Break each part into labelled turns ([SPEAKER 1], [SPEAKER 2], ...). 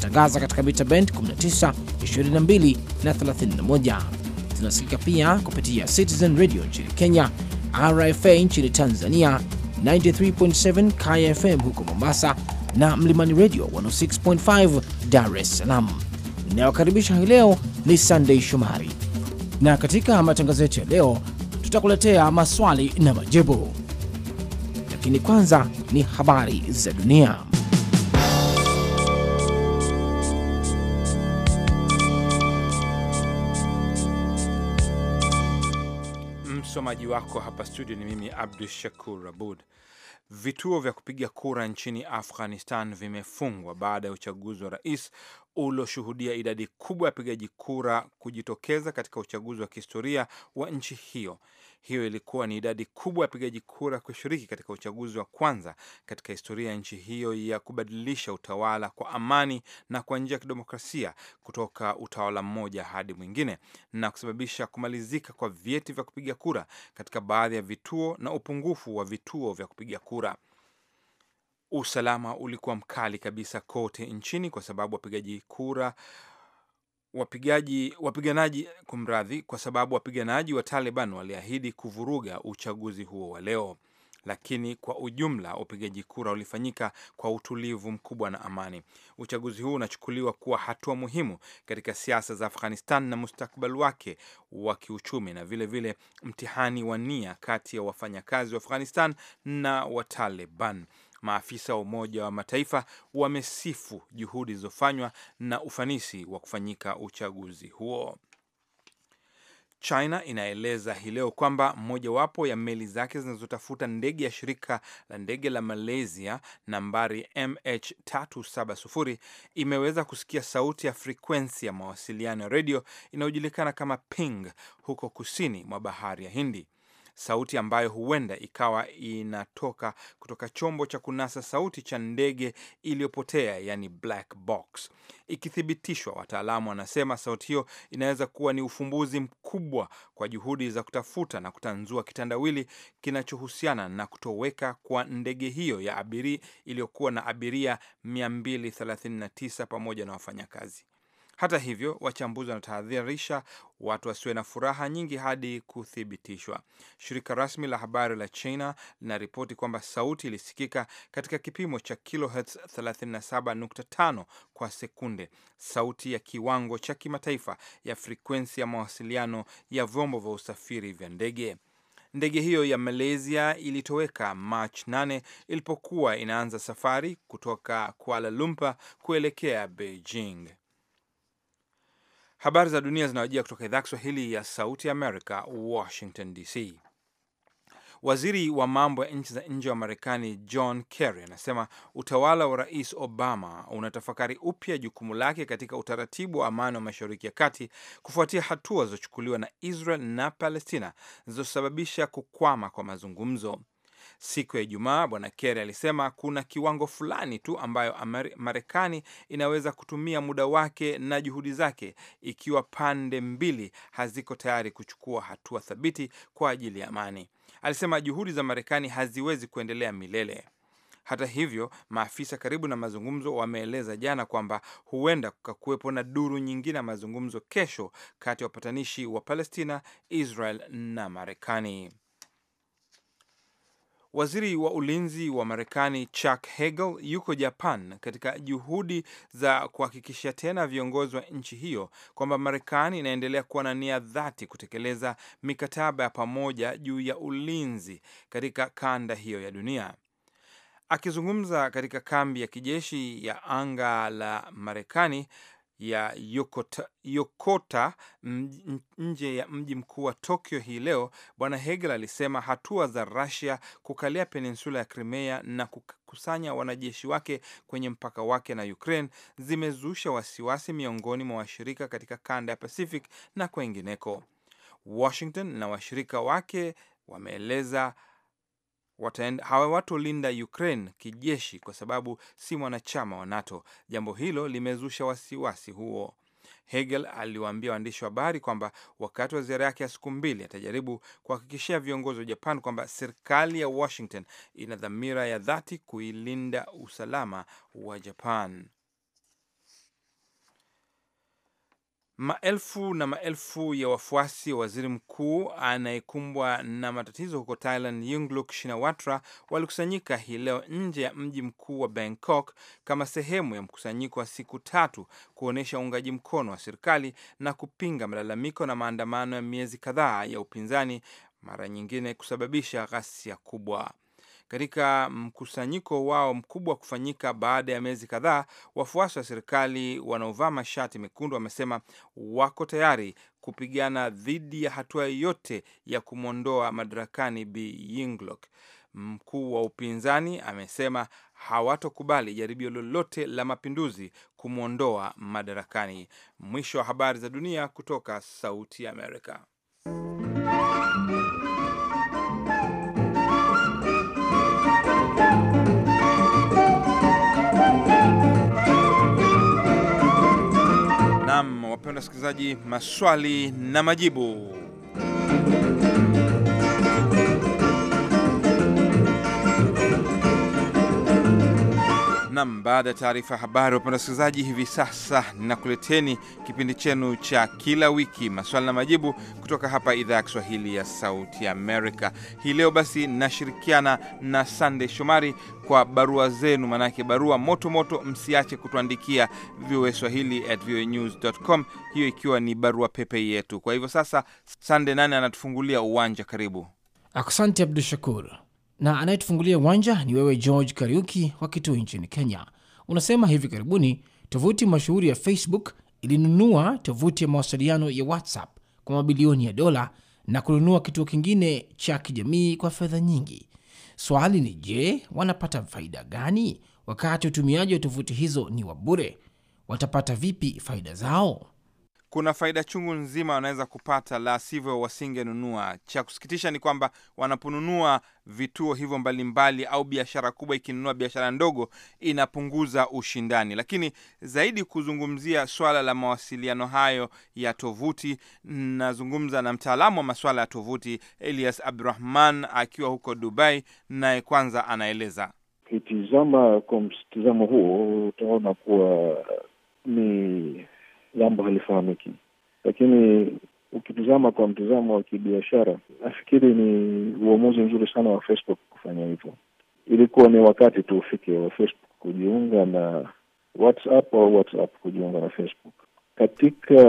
[SPEAKER 1] tunatangaza katika mita bend 19, 22 na 31. Tunasikika pia kupitia Citizen Radio nchini Kenya, RFA nchini Tanzania, 93.7 KFM huko Mombasa na Mlimani Radio 106.5 Dar es Salaam. Inayokaribisha hii leo ni Sunday Shomari, na katika matangazo yetu ya leo tutakuletea maswali na majibu, lakini kwanza ni habari za dunia.
[SPEAKER 2] Msomaji wako hapa studio ni mimi Abdu Shakur Abud. Vituo vya kupiga kura nchini Afghanistan vimefungwa baada ya uchaguzi wa rais ulioshuhudia idadi kubwa ya wapigaji kura kujitokeza katika uchaguzi wa kihistoria wa nchi hiyo. Hiyo ilikuwa ni idadi kubwa ya wapigaji kura kushiriki katika uchaguzi wa kwanza katika historia ya nchi hiyo ya kubadilisha utawala kwa amani na kwa njia ya kidemokrasia kutoka utawala mmoja hadi mwingine, na kusababisha kumalizika kwa vyeti vya kupiga kura katika baadhi ya vituo na upungufu wa vituo vya kupiga kura. Usalama ulikuwa mkali kabisa kote nchini kwa sababu wapigaji kura wapigaji wapiganaji kumradhi, kwa sababu wapiganaji wa Taliban waliahidi kuvuruga uchaguzi huo wa leo. Lakini kwa ujumla upigaji kura ulifanyika kwa utulivu mkubwa na amani. Uchaguzi huu unachukuliwa kuwa hatua muhimu katika siasa za Afghanistan na mustakbal wake wa kiuchumi, na vilevile vile mtihani wa nia kati ya wafanyakazi wa Afghanistan na Wataliban. Maafisa wa Umoja wa Mataifa wamesifu juhudi zilizofanywa na ufanisi wa kufanyika uchaguzi huo. China inaeleza hii leo kwamba mojawapo ya meli zake zinazotafuta ndege ya shirika la ndege la Malaysia nambari MH370 imeweza kusikia sauti ya frekwensi ya mawasiliano ya redio inayojulikana kama ping huko kusini mwa bahari ya Hindi sauti ambayo huenda ikawa inatoka kutoka chombo cha kunasa sauti cha ndege iliyopotea, yani black box. Ikithibitishwa, wataalamu wanasema sauti hiyo inaweza kuwa ni ufumbuzi mkubwa kwa juhudi za kutafuta na kutanzua kitandawili kinachohusiana na kutoweka kwa ndege hiyo ya abiria iliyokuwa na abiria 239 pamoja na wafanyakazi. Hata hivyo, wachambuzi wanatahadharisha watu wasiwe na furaha nyingi hadi kuthibitishwa. Shirika rasmi la habari la China linaripoti kwamba sauti ilisikika katika kipimo cha kilohertz 37.5 kwa sekunde, sauti ya kiwango cha kimataifa ya frekwensi ya mawasiliano ya vyombo vya usafiri vya ndege. Ndege hiyo ya Malaysia ilitoweka March 8 ilipokuwa inaanza safari kutoka Kuala Lumpur kuelekea Beijing. Habari za dunia zinawajia kutoka idhaa Kiswahili ya Sauti Amerika, Washington DC. Waziri wa mambo ya nchi za nje wa Marekani John Kerry anasema utawala wa Rais Obama unatafakari upya jukumu lake katika utaratibu wa amani wa Mashariki ya Kati kufuatia hatua zilizochukuliwa na Israel na Palestina zilizosababisha kukwama kwa mazungumzo. Siku ya Ijumaa, Bwana Kerry alisema kuna kiwango fulani tu ambayo Marekani inaweza kutumia muda wake na juhudi zake ikiwa pande mbili haziko tayari kuchukua hatua thabiti kwa ajili ya amani. Alisema juhudi za Marekani haziwezi kuendelea milele. Hata hivyo, maafisa karibu na mazungumzo wameeleza jana kwamba huenda kukakuwepo na duru nyingine ya mazungumzo kesho kati ya wapatanishi wa Palestina, Israel na Marekani. Waziri wa ulinzi wa Marekani Chuck Hagel yuko Japan katika juhudi za kuhakikisha tena viongozi wa nchi hiyo kwamba Marekani inaendelea kuwa na nia dhati kutekeleza mikataba ya pamoja juu ya ulinzi katika kanda hiyo ya dunia. Akizungumza katika kambi ya kijeshi ya anga la Marekani, ya Yokota, Yokota nje ya mji mkuu wa Tokyo hii leo, Bwana Hegel alisema hatua za Russia kukalia peninsula ya Crimea na kukusanya wanajeshi wake kwenye mpaka wake na Ukraine zimezusha wasiwasi miongoni mwa washirika katika kanda ya Pacific na kwengineko. Washington na washirika wake wameeleza wataenda, hawatolinda Ukraine kijeshi kwa sababu si mwanachama wa NATO. Jambo hilo limezusha wasiwasi huo. Hegel aliwaambia waandishi wa habari kwamba wakati wa ziara yake ya siku mbili atajaribu kuhakikishia viongozi wa Japan kwamba serikali ya Washington ina dhamira ya dhati kuilinda usalama wa Japan. Maelfu na maelfu ya wafuasi wa waziri mkuu anayekumbwa na matatizo huko Thailand, Yingluck Shinawatra, walikusanyika hii leo nje ya mji mkuu wa Bangkok kama sehemu ya mkusanyiko wa siku tatu kuonyesha uungaji mkono wa serikali na kupinga malalamiko na maandamano ya miezi kadhaa ya upinzani, mara nyingine kusababisha ghasia kubwa katika mkusanyiko wao mkubwa kufanyika baada ya miezi kadhaa. Wafuasi wa serikali wanaovaa mashati mekundu wamesema wako tayari kupigana dhidi ya hatua yoyote ya kumwondoa madarakani Bi Yingluck. Mkuu wa upinzani amesema hawatokubali jaribio lolote la mapinduzi kumwondoa madarakani. Mwisho wa habari za dunia kutoka Sauti ya Amerika. wapenda wasikilizaji, maswali na majibu Nam, baada ya taarifa ya habari, wapenda wasikilizaji, hivi sasa nakuleteni kipindi chenu cha kila wiki, maswali na majibu kutoka hapa idhaa ya Kiswahili ya Sauti Amerika. Hii leo basi nashirikiana na sandey Shomari kwa barua zenu, maanake barua moto moto, msiache kutuandikia VOA Swahili at com, hiyo ikiwa ni barua pepe yetu. Kwa hivyo sasa, sandey nani anatufungulia uwanja? Karibu.
[SPEAKER 1] Asante Abdu Shakur na anayetufungulia uwanja ni wewe George Kariuki wa kituo nchini Kenya. Unasema hivi karibuni tovuti mashuhuri ya Facebook ilinunua tovuti ya mawasiliano ya WhatsApp kwa mabilioni ya dola na kununua kituo kingine cha kijamii kwa fedha nyingi. Swali ni je, wanapata faida gani wakati utumiaji wa tovuti hizo ni wa bure? Watapata vipi faida zao?
[SPEAKER 2] kuna faida chungu nzima wanaweza kupata, la sivyo wasingenunua. Cha kusikitisha ni kwamba wanaponunua vituo hivyo mbalimbali, au biashara kubwa ikinunua biashara ndogo, inapunguza ushindani. Lakini zaidi kuzungumzia swala la mawasiliano hayo ya tovuti, nazungumza na mtaalamu wa masuala ya tovuti Elias Abdurahman akiwa huko Dubai, naye kwanza anaeleza.
[SPEAKER 3] Ukitizama kwa mtizamo huo utaona kuwa ni jambo halifahamiki, lakini ukitizama kwa mtizamo wa kibiashara, nafikiri ni uamuzi mzuri sana wa Facebook kufanya hivyo. Ilikuwa ni wakati tu ufike wa Facebook kujiunga na WhatsApp au WhatsApp kujiunga na Facebook. Katika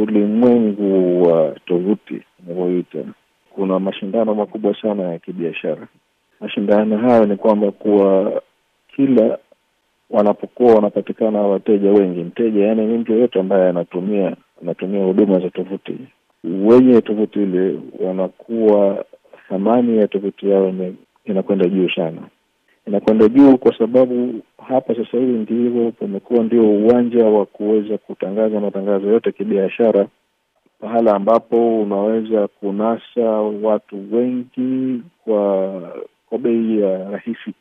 [SPEAKER 3] ulimwengu wa tovuti unavyoita kuna mashindano makubwa sana ya kibiashara. Mashindano hayo ni kwamba kuwa kila wanapokuwa wanapatikana wateja wengi, mteja yani ni mtu yoyote ambaye anatumia anatumia huduma za tovuti, wenye tovuti ile wanakuwa, thamani ya tovuti yao inakwenda juu sana, inakwenda juu kwa sababu hapa sasa hivi ndivyo pamekuwa ndio uwanja wa kuweza kutangaza matangazo yote kibiashara, pahala ambapo unaweza kunasa watu wengi kwa kwa bei ya rahisi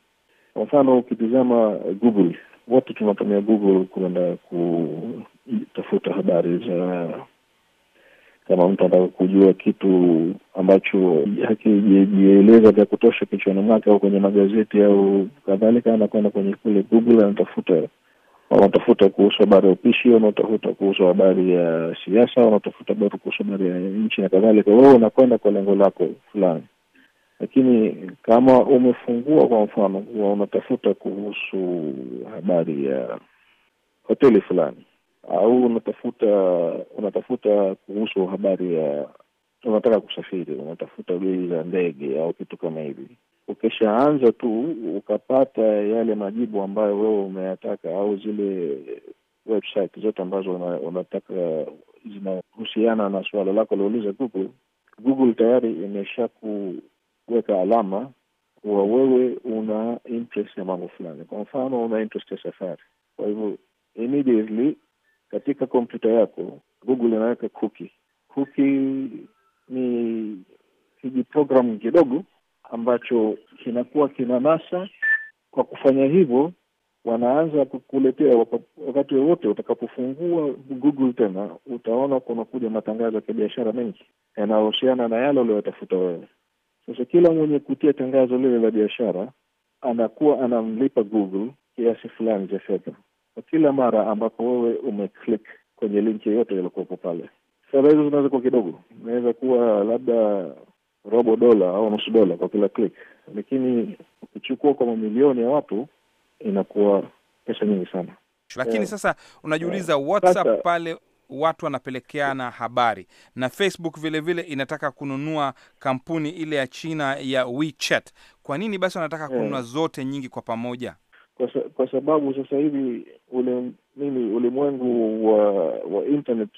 [SPEAKER 3] kwa mfano ukitizama Google, wote tunatumia Google kuenda kutafuta habari za kama mtu anataka kujua kitu ambacho hakijieleza vya kutosha kichwani mwake au kwenye magazeti au kadhalika, anakwenda kwenye kule Google anatafuta, wanatafuta kuhusu habari ya upishi, wanaotafuta kuhusu habari ya siasa, wanatafuta bado kuhusu habari ya nchi na kadhalika. Wewe unakwenda kwa lengo lako fulani. Lakini kama umefungua kwa mfano, huwa unatafuta kuhusu habari ya hoteli fulani, au unatafuta unatafuta kuhusu habari ya unataka kusafiri, unatafuta bei za ndege au kitu kama hivi. Ukishaanza tu ukapata yale majibu ambayo wewe umeyataka au zile website zote ambazo una, unataka zinahusiana na suala lako lauliza Google, Google tayari imesha ku kuweka alama kuwa wewe una interest ya mambo fulani. Kwa mfano, una interest ya safari. Kwa hivyo immediately katika kompyuta yako Google inaweka kuki kuki ni kijiprogram kidogo ambacho kinakuwa kinanasa. Kwa kufanya hivyo, wanaanza kukuletea wakati wowote utakapofungua Google tena, utaona kunakuja matangazo ya kibiashara mengi yanayohusiana na yale uliyotafuta wewe. Sasa kila mwenye kutia tangazo lile la biashara anakuwa anamlipa Google kiasi fulani cha fedha kwa kila mara ambapo wewe umeclick kwenye linki yoyote iliokuwepo pale. Fedha hizo zinaweza kuwa kidogo, inaweza kuwa labda robo dola au nusu dola kwa kila click, lakini ukichukua kwa mamilioni ya watu inakuwa pesa nyingi sana.
[SPEAKER 2] Lakini yeah, sasa unajiuliza eh. WhatsApp pale watu wanapelekeana habari, na Facebook vilevile vile inataka kununua kampuni ile ya China ya WeChat. Kwa nini basi wanataka eh. kununua zote nyingi kwa pamoja?
[SPEAKER 3] Kwa, kwa sababu sasa hivi ule nini ulimwengu wa wa internet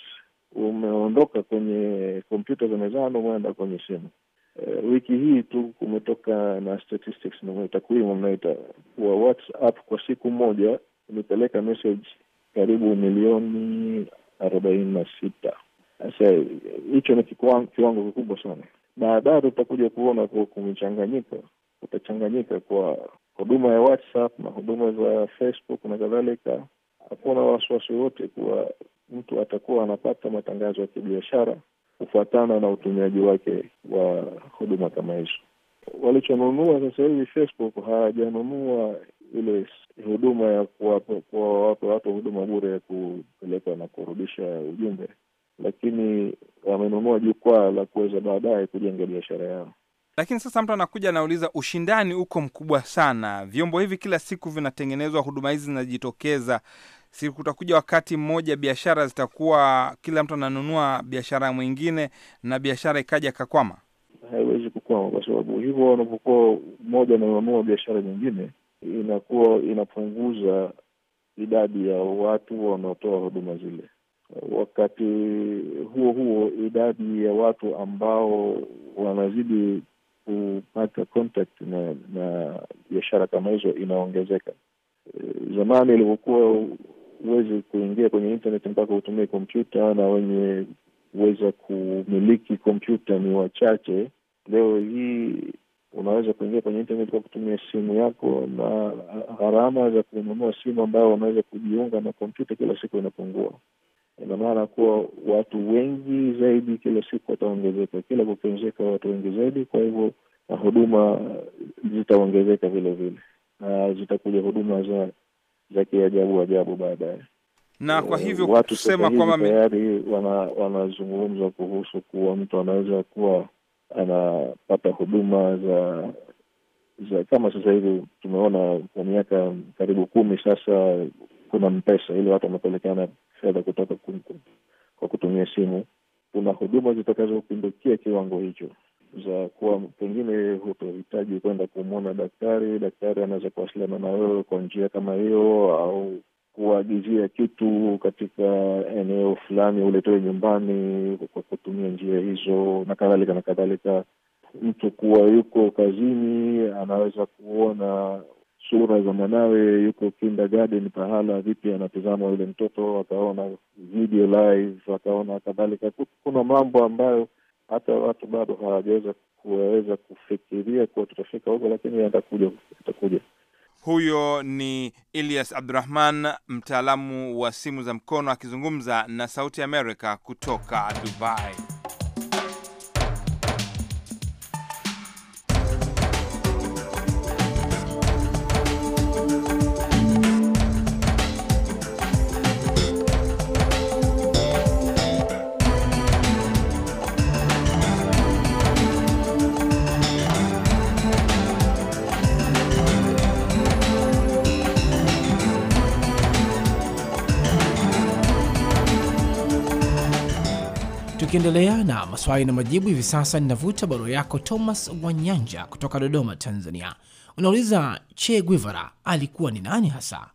[SPEAKER 3] umeondoka kwenye kompyuta za mezani, umeenda kwenye simu. Uh, wiki hii tu kumetoka na statistics na takwimu mnaita wa WhatsApp kwa siku moja imepeleka message karibu milioni arobaini na sita. Sasa hicho ni kiwango kikubwa sana. Baadaye tutakuja kuona kuwa kumechanganyika, kutachanganyika kwa huduma ya WhatsApp na huduma za Facebook na kadhalika. Hakuna wasiwasi wote kuwa mtu atakuwa anapata matangazo ya kibiashara kufuatana na utumiaji wake wa huduma kama hizo. Walichonunua sasa hivi Facebook hawajanunua ile huduma ya kuwapa watu huduma bure ya kupeleka na kurudisha ujumbe, lakini wamenunua jukwaa la kuweza baadaye kujenga biashara yao.
[SPEAKER 2] Lakini sasa mtu anakuja anauliza, ushindani uko mkubwa sana, vyombo hivi kila siku vinatengenezwa, huduma hizi zinajitokeza Si kutakuja wakati mmoja biashara zitakuwa kila mtu ananunua biashara mwingine, na biashara ikaja kakwama?
[SPEAKER 3] Haiwezi kukwama, kwa sababu hivyo wanapokuwa mmoja ananunua biashara nyingine, inakuwa inapunguza idadi ya watu wanaotoa huduma zile. Wakati huo huo, idadi ya watu ambao wanazidi kupata contact na na biashara kama hizo inaongezeka. Zamani ilivyokuwa huwezi kuingia kwenye internet mpaka utumie kompyuta na wenye kuweza kumiliki kompyuta ni wachache. Leo hii unaweza kuingia kwenye internet kwa kutumia simu yako, na gharama za kununua simu ambayo wanaweza kujiunga na kompyuta kila siku inapungua. Ina maana kuwa watu wengi zaidi kila siku wataongezeka, kila kukiongezeka watu wengi zaidi, kwa hivyo na huduma zitaongezeka vile vile, na zitakuja huduma za za kiajabu ajabu baadaye. Na kwa hivyo watu kusema kwamba tayari wanazungumza wana kuhusu kuwa mtu anaweza kuwa anapata huduma za za kama sasa hivi tumeona kwa miaka karibu kumi sasa, kuna Mpesa ili watu wamepelekana fedha kutoka kwa kutumia simu. Kuna huduma zitakazopindukia kiwango hicho za kuwa pengine hutohitaji kwenda kumwona daktari. Daktari anaweza kuwasiliana na wewe kwa njia kama hiyo, au kuagizia kitu katika eneo fulani uletewe nyumbani kwa kutumia njia hizo na kadhalika na kadhalika. Mtu kuwa yuko kazini anaweza kuona sura za mwanawe yuko kindergarten pahala vipi, anatizama yule mtoto, akaona video live, akaona kadhalika. Kuna mambo ambayo hata watu bado hawajaweza kuwaweza kufikiria kuwa tutafika huko, lakini atakuja, atakuja.
[SPEAKER 2] Huyo ni Elias Abdurahman, mtaalamu wa simu za mkono akizungumza na Sauti Amerika kutoka Dubai.
[SPEAKER 1] Tukiendelea na maswali na majibu, hivi sasa ninavuta barua yako Thomas Wanyanja kutoka Dodoma, Tanzania. Unauliza, Che guivara alikuwa ni nani hasa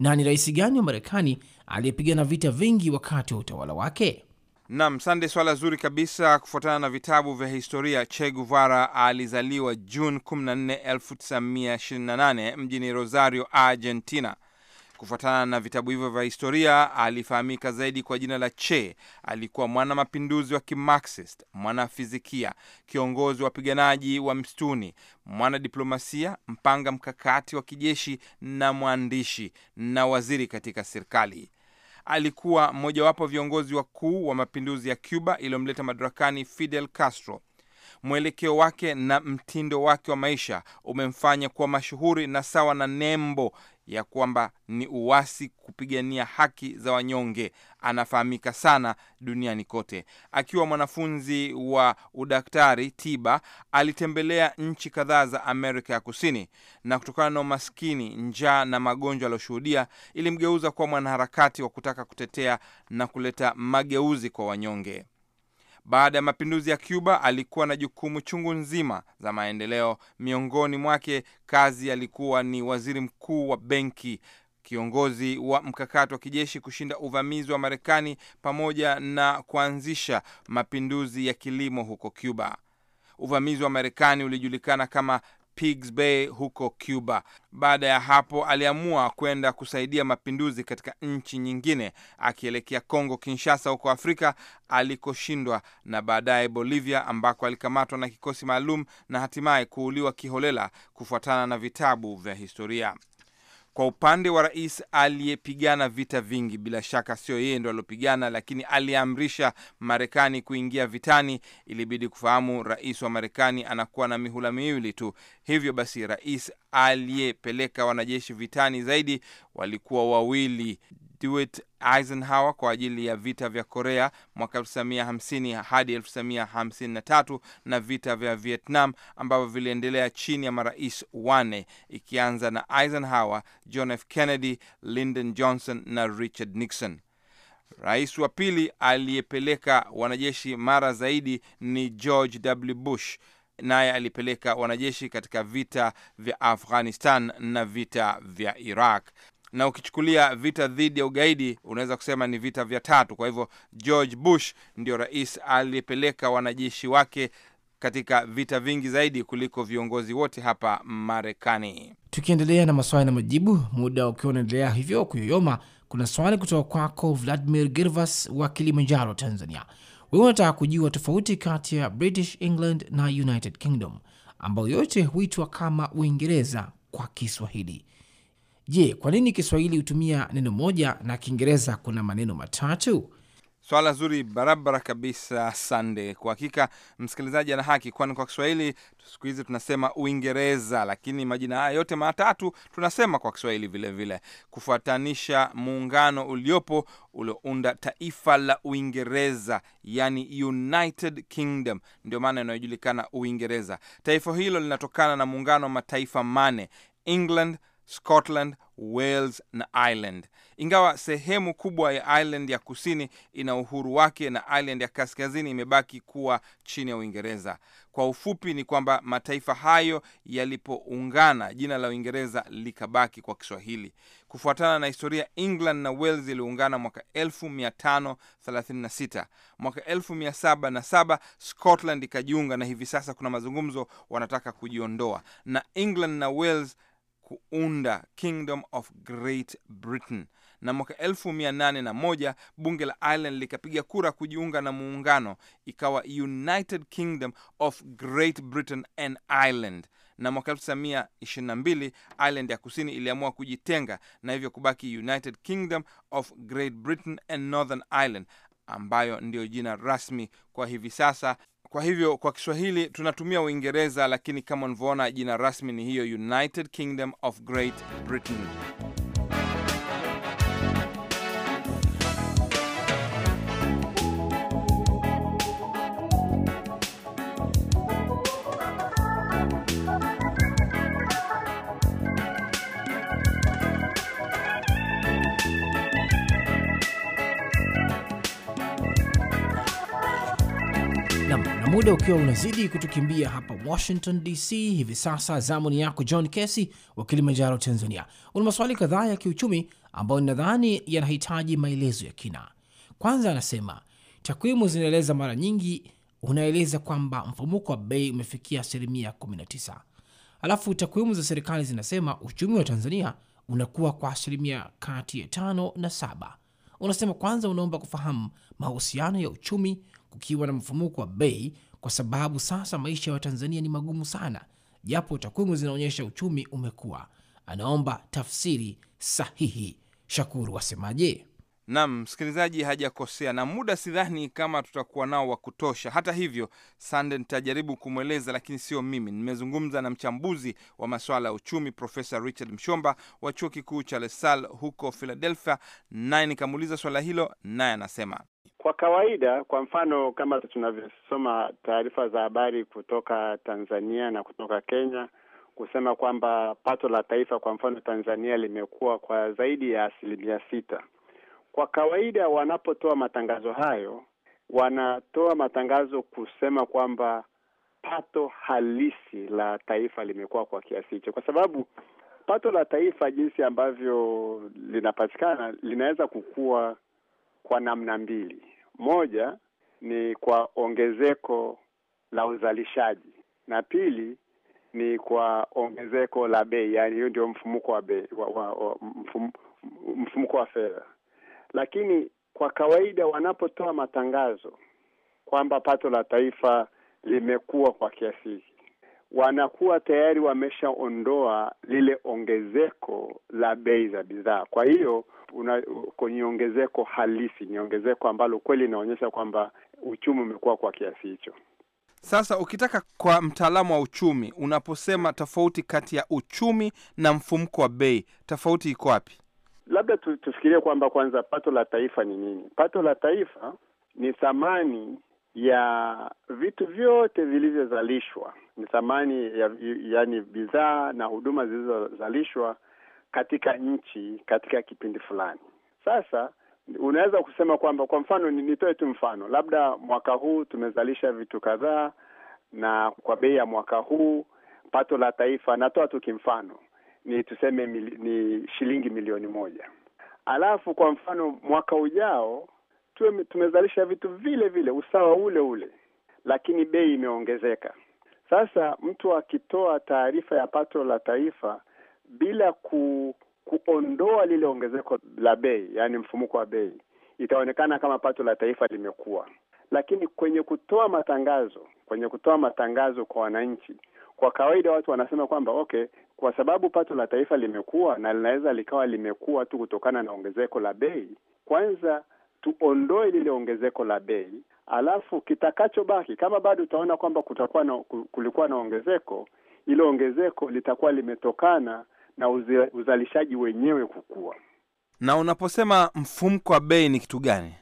[SPEAKER 1] na ni rais gani wa Marekani aliyepigana vita vingi wakati wa utawala wake?
[SPEAKER 2] Nam, sande. Swala zuri kabisa. Kufuatana na vitabu vya historia, Che guvara alizaliwa Juni 14, 1928 mjini Rosario, Argentina. Kufuatana na vitabu hivyo vya historia, alifahamika zaidi kwa jina la Che. Alikuwa mwana mapinduzi wa Kimarxist, mwanafizikia, kiongozi wa wapiganaji wa msituni, mwanadiplomasia, mpanga mkakati wa kijeshi na mwandishi na waziri katika serikali. Alikuwa mmojawapo viongozi wakuu wa mapinduzi ya Cuba iliyomleta madarakani Fidel Castro. Mwelekeo wake na mtindo wake wa maisha umemfanya kuwa mashuhuri na sawa na nembo ya kwamba ni uwasi kupigania haki za wanyonge. Anafahamika sana duniani kote. Akiwa mwanafunzi wa udaktari tiba, alitembelea nchi kadhaa za Amerika ya Kusini, na kutokana na umaskini, njaa na magonjwa aliyoshuhudia, ilimgeuza kuwa mwanaharakati wa kutaka kutetea na kuleta mageuzi kwa wanyonge. Baada ya mapinduzi ya Cuba alikuwa na jukumu chungu nzima za maendeleo. Miongoni mwake kazi alikuwa ni waziri mkuu wa benki, kiongozi wa mkakati wa kijeshi kushinda uvamizi wa Marekani, pamoja na kuanzisha mapinduzi ya kilimo huko Cuba. Uvamizi wa Marekani ulijulikana kama Pigs Bay huko Cuba. Baada ya hapo aliamua kwenda kusaidia mapinduzi katika nchi nyingine, akielekea Kongo Kinshasa huko Afrika alikoshindwa, na baadaye Bolivia ambako alikamatwa na kikosi maalum na hatimaye kuuliwa kiholela, kufuatana na vitabu vya historia. Kwa upande wa rais aliyepigana vita vingi, bila shaka sio yeye ndo aliopigana, lakini aliamrisha Marekani kuingia vitani. Ilibidi kufahamu rais wa Marekani anakuwa na mihula miwili tu, hivyo basi rais aliyepeleka wanajeshi vitani zaidi walikuwa wawili, Dwight Eisenhower kwa ajili ya vita vya Korea mwaka 1950 hadi 1953 na vita vya Vietnam ambavyo viliendelea chini ya marais wane ikianza na Eisenhower, John F. Kennedy, Lyndon Johnson na Richard Nixon. Rais wa pili aliyepeleka wanajeshi mara zaidi ni George W. Bush, naye alipeleka wanajeshi katika vita vya Afghanistan na vita vya Iraq na ukichukulia vita dhidi ya ugaidi unaweza kusema ni vita vya tatu. Kwa hivyo George Bush ndio rais aliyepeleka wanajeshi wake katika vita vingi zaidi kuliko viongozi wote hapa Marekani.
[SPEAKER 1] Tukiendelea na maswali na majibu, muda ukiwa unaendelea hivyo kuyoyoma, kuna swali kutoka kwako Vladimir Gervas wa Kilimanjaro, Tanzania. Wewe unataka kujua tofauti kati ya British England na United Kingdom ambayo yote huitwa kama Uingereza kwa Kiswahili. Je, kwa nini Kiswahili hutumia neno moja na Kiingereza kuna maneno matatu?
[SPEAKER 2] Swala zuri barabara kabisa, Sande. Kwa hakika msikilizaji ana haki, kwani kwa Kiswahili siku hizi tunasema Uingereza, lakini majina haya yote matatu tunasema kwa Kiswahili vilevile Kufuatanisha muungano uliopo uliounda taifa la Uingereza, yani United Kingdom, ndio maana inayojulikana Uingereza. Taifa hilo linatokana na muungano wa mataifa mane: England, Scotland, Wales na Ireland. Ingawa sehemu kubwa ya Ireland ya kusini ina uhuru wake na Ireland ya kaskazini imebaki kuwa chini ya Uingereza. Kwa ufupi ni kwamba mataifa hayo yalipoungana, jina la Uingereza likabaki kwa Kiswahili. Kufuatana na historia, England na Wales iliungana mwaka 1536. Mwaka 1707 Scotland ikajiunga, na hivi sasa kuna mazungumzo wanataka kujiondoa, na England na Wales kuunda Kingdom of Great Britain na mwaka elfu mia nane na moja bunge la Ireland likapiga kura kujiunga na muungano, ikawa United Kingdom of Great Britain and Ireland. Na mwaka 1922 Ireland ya kusini iliamua kujitenga na hivyo kubaki United Kingdom of Great Britain and Northern Ireland, ambayo ndiyo jina rasmi kwa hivi sasa kwa hivyo kwa Kiswahili tunatumia Uingereza, lakini kama unavyoona jina rasmi ni hiyo United Kingdom of Great Britain.
[SPEAKER 1] muda ukiwa unazidi kutukimbia hapa Washington DC hivi sasa, zamu ni yako John Kesi wa Kilimanjaro, Tanzania. Una maswali kadhaa ya kiuchumi ambayo ninadhani yanahitaji maelezo ya kina. Kwanza anasema takwimu zinaeleza mara nyingi unaeleza kwamba mfumuko wa bei umefikia asilimia 19, alafu takwimu za serikali zinasema uchumi wa Tanzania unakuwa kwa asilimia kati ya tano na saba. Unasema kwanza unaomba kufahamu mahusiano ya uchumi kukiwa na mfumuko wa bei kwa sababu sasa maisha ya Watanzania ni magumu sana, japo takwimu zinaonyesha uchumi umekuwa. Anaomba tafsiri sahihi. Shakuru wasemaje?
[SPEAKER 2] Nam msikilizaji hajakosea, na muda sidhani kama tutakuwa nao wa kutosha. Hata hivyo, Sande nitajaribu kumweleza, lakini sio mimi. Nimezungumza na mchambuzi wa masuala ya uchumi Profesa Richard Mshomba wa chuo kikuu cha lesal huko Philadelphia, naye nikamuuliza swala hilo, naye anasema
[SPEAKER 4] kwa kawaida, kwa mfano kama tunavyosoma taarifa za habari kutoka Tanzania na kutoka Kenya kusema kwamba pato la taifa kwa mfano Tanzania limekuwa kwa zaidi ya asilimia sita. Kwa kawaida wanapotoa matangazo hayo, wanatoa matangazo kusema kwamba pato halisi la taifa limekuwa kwa kiasi hicho, kwa sababu pato la taifa jinsi ambavyo linapatikana linaweza kukua kwa namna mbili. Moja ni kwa ongezeko la uzalishaji na pili ni kwa ongezeko la bei, yani hiyo ndio mfumuko wa bei wa, wa, wa, mfum, mfumuko wa fedha. Lakini kwa kawaida wanapotoa matangazo kwamba pato la taifa limekuwa kwa kiasi hiki, wanakuwa tayari wameshaondoa lile ongezeko la bei za bidhaa. Kwa hiyo kwenye ongezeko halisi ni ongezeko ambalo kweli inaonyesha kwamba uchumi umekuwa kwa kiasi hicho.
[SPEAKER 2] Sasa ukitaka kwa mtaalamu wa uchumi, unaposema tofauti kati ya uchumi na mfumko wa bei, tofauti iko wapi?
[SPEAKER 4] Labda tufikirie kwamba kwanza pato la taifa ni nini? Pato la taifa ni thamani ya vitu vyote vilivyozalishwa, ni thamani ya, yani bidhaa na huduma zilizozalishwa katika nchi katika kipindi fulani. Sasa unaweza kusema kwamba kwa mfano, nitoe tu mfano, labda mwaka huu tumezalisha vitu kadhaa na kwa bei ya mwaka huu, pato la taifa, natoa tu kimfano, ni tuseme mili, ni shilingi milioni moja. Alafu kwa mfano mwaka ujao tuwe tumezalisha vitu vile vile, usawa ule ule, lakini bei imeongezeka. Sasa mtu akitoa taarifa ya pato la taifa bila ku, kuondoa lile ongezeko la bei, yaani mfumuko wa bei, itaonekana kama pato la taifa limekuwa. Lakini kwenye kutoa matangazo, kwenye kutoa matangazo kwa wananchi, kwa kawaida watu wanasema kwamba okay, kwa sababu pato la taifa limekuwa na linaweza likawa limekuwa tu kutokana na ongezeko la bei. Kwanza tuondoe lile ongezeko la bei, alafu kitakachobaki kama bado utaona kwamba kutakuwa na, kulikuwa na ongezeko, ile ongezeko litakuwa limetokana na uzi, uzalishaji wenyewe kukua.
[SPEAKER 2] Na unaposema mfumko wa bei ni kitu gani?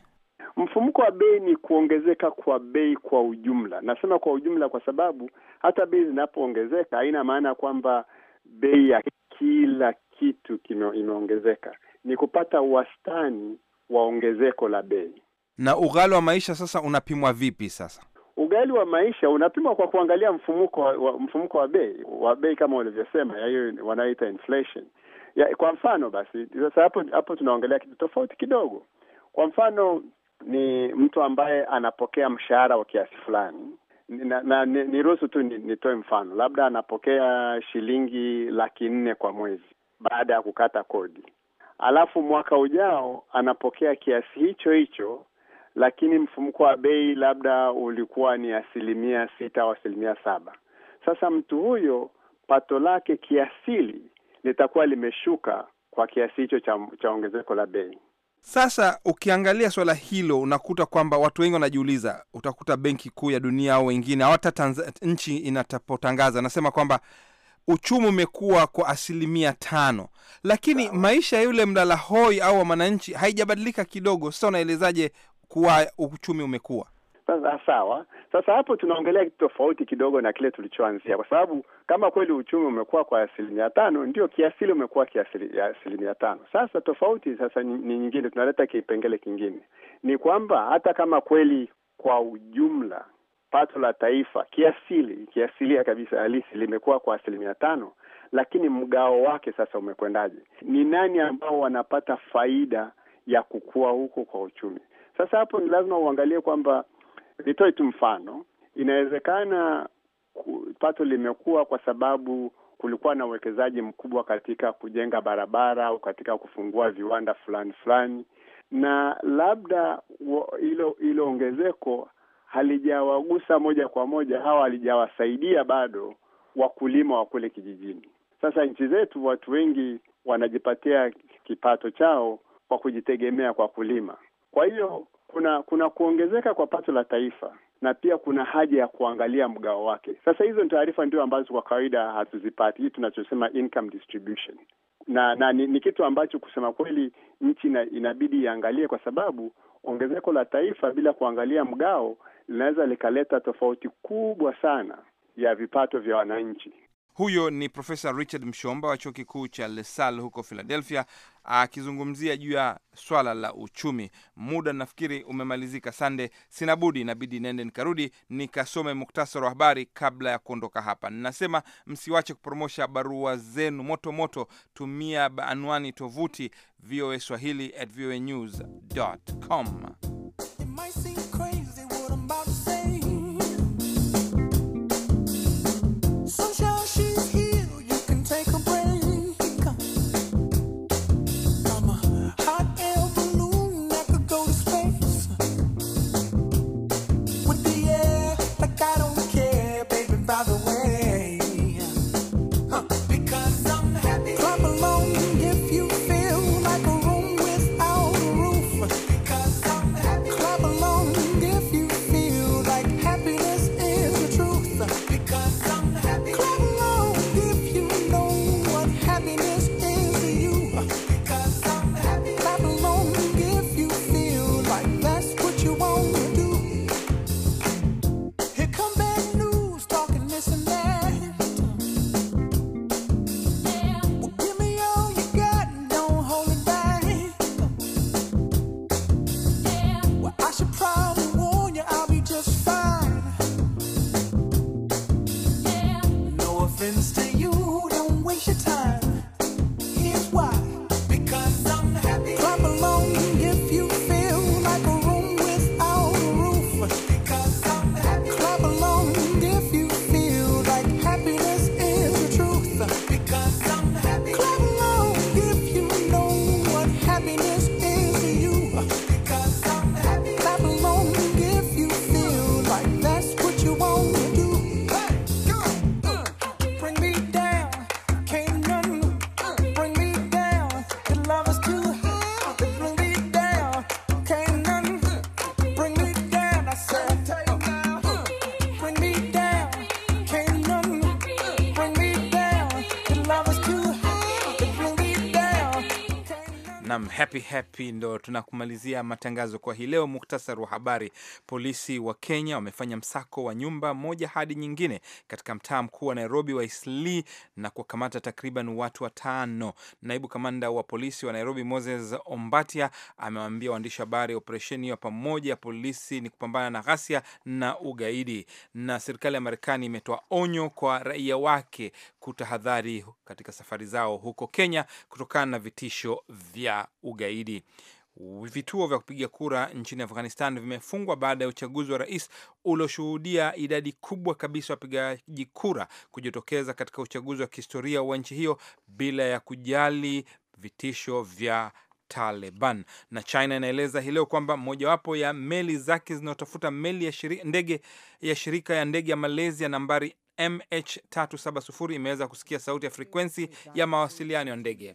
[SPEAKER 4] mfumko wa bei ni kuongezeka kwa bei kwa ujumla. Nasema kwa ujumla kwa sababu hata bei zinapoongezeka haina maana kwamba bei ya kila kitu imeongezeka, ni kupata wastani wa ongezeko la bei.
[SPEAKER 2] Na ughali wa maisha sasa unapimwa vipi sasa?
[SPEAKER 4] Ughali wa maisha unapimwa kwa kuangalia mfumuko wa, mfumuko wa bei wa bei kama walivyosema, hiyo wanaita inflation ya. Kwa mfano basi sasa hapo hapo tunaongelea kitu tofauti kidogo. Kwa mfano ni mtu ambaye anapokea mshahara wa kiasi fulani na, na niruhusu tu nitoe mfano, labda anapokea shilingi laki nne kwa mwezi baada ya kukata kodi alafu mwaka ujao anapokea kiasi hicho hicho, lakini mfumko wa bei labda ulikuwa ni asilimia sita au asilimia saba. Sasa mtu huyo pato lake kiasili litakuwa limeshuka kwa kiasi hicho cha, cha ongezeko la bei.
[SPEAKER 2] Sasa ukiangalia swala hilo unakuta kwamba watu wengi wanajiuliza, utakuta Benki Kuu ya Dunia au wengine hata nchi inapotangaza anasema kwamba uchumi umekuwa kwa asilimia tano, lakini Sawa. maisha ya yule mlala hoi au mwananchi haijabadilika kidogo. Sasa unaelezaje kuwa uchumi umekuwa
[SPEAKER 4] sawa? Sasa hapo tunaongelea kitu tofauti kidogo na kile tulichoanzia, kwa sababu kama kweli uchumi umekuwa kwa asilimia tano, ndio kiasili umekuwa asilimia tano. Sasa tofauti sasa ni nyingine, tunaleta kipengele kingine, ni kwamba hata kama kweli kwa ujumla pato la taifa kiasili kiasilia kabisa halisi limekuwa kwa asilimia tano, lakini mgao wake sasa umekwendaje? Ni nani ambao wanapata faida ya kukua huko kwa uchumi? Sasa hapo ni lazima uangalie kwamba, nitoe tu mfano, inawezekana pato limekuwa kwa sababu kulikuwa na uwekezaji mkubwa katika kujenga barabara au katika kufungua viwanda fulani fulani, na labda hilo ongezeko halijawagusa moja kwa moja hawa, halijawasaidia bado wakulima wa kule kijijini. Sasa nchi zetu, watu wengi wanajipatia kipato chao kwa kujitegemea kwa kulima. Kwa hiyo kuna kuna kuongezeka kwa pato la taifa na pia kuna haja ya kuangalia mgao wake. Sasa hizo ni taarifa ndio ambazo kwa kawaida hatuzipati, hii tunachosema income distribution, na na ni, ni kitu ambacho kusema kweli nchi inabidi iangalie, kwa sababu ongezeko la taifa bila kuangalia mgao linaweza likaleta tofauti kubwa sana ya vipato vya wananchi.
[SPEAKER 2] Huyo ni Profesa Richard Mshomba wa chuo kikuu cha LaSalle huko Philadelphia akizungumzia juu ya swala la uchumi. Muda nafikiri umemalizika, Sande. Sina budi, inabidi nende nikarudi nikasome muktasari wa habari kabla ya kuondoka hapa. Ninasema msiwache kupromosha barua zenu moto moto, tumia anwani tovuti voa swahili at voa news com. happy happy ndo tunakumalizia matangazo kwa hii leo. Muktasari wa habari. Polisi wa Kenya wamefanya msako wa nyumba moja hadi nyingine katika mtaa mkuu wa Nairobi wa Isli na kuwakamata takriban watu watano. Naibu kamanda wa polisi wa Nairobi Moses Ombatia amewaambia waandishi habari operesheni hiyo pamoja ya polisi ni kupambana na ghasia na ugaidi. Na serikali ya Marekani imetoa onyo kwa raia wake kutahadhari katika safari zao huko Kenya kutokana na vitisho vya ugaidi. Vituo vya kupiga kura nchini Afghanistan vimefungwa baada ya uchaguzi wa rais ulioshuhudia idadi kubwa kabisa wapigaji kura kujitokeza katika uchaguzi wa kihistoria wa nchi hiyo bila ya kujali vitisho vya Taliban. Na China inaeleza hii leo kwamba mojawapo ya meli zake zinazotafuta meli ya shiri, ndege ya shirika ya ndege ya Malaysia nambari MH370 imeweza kusikia sauti ya frekwensi ya mawasiliano ya ndege.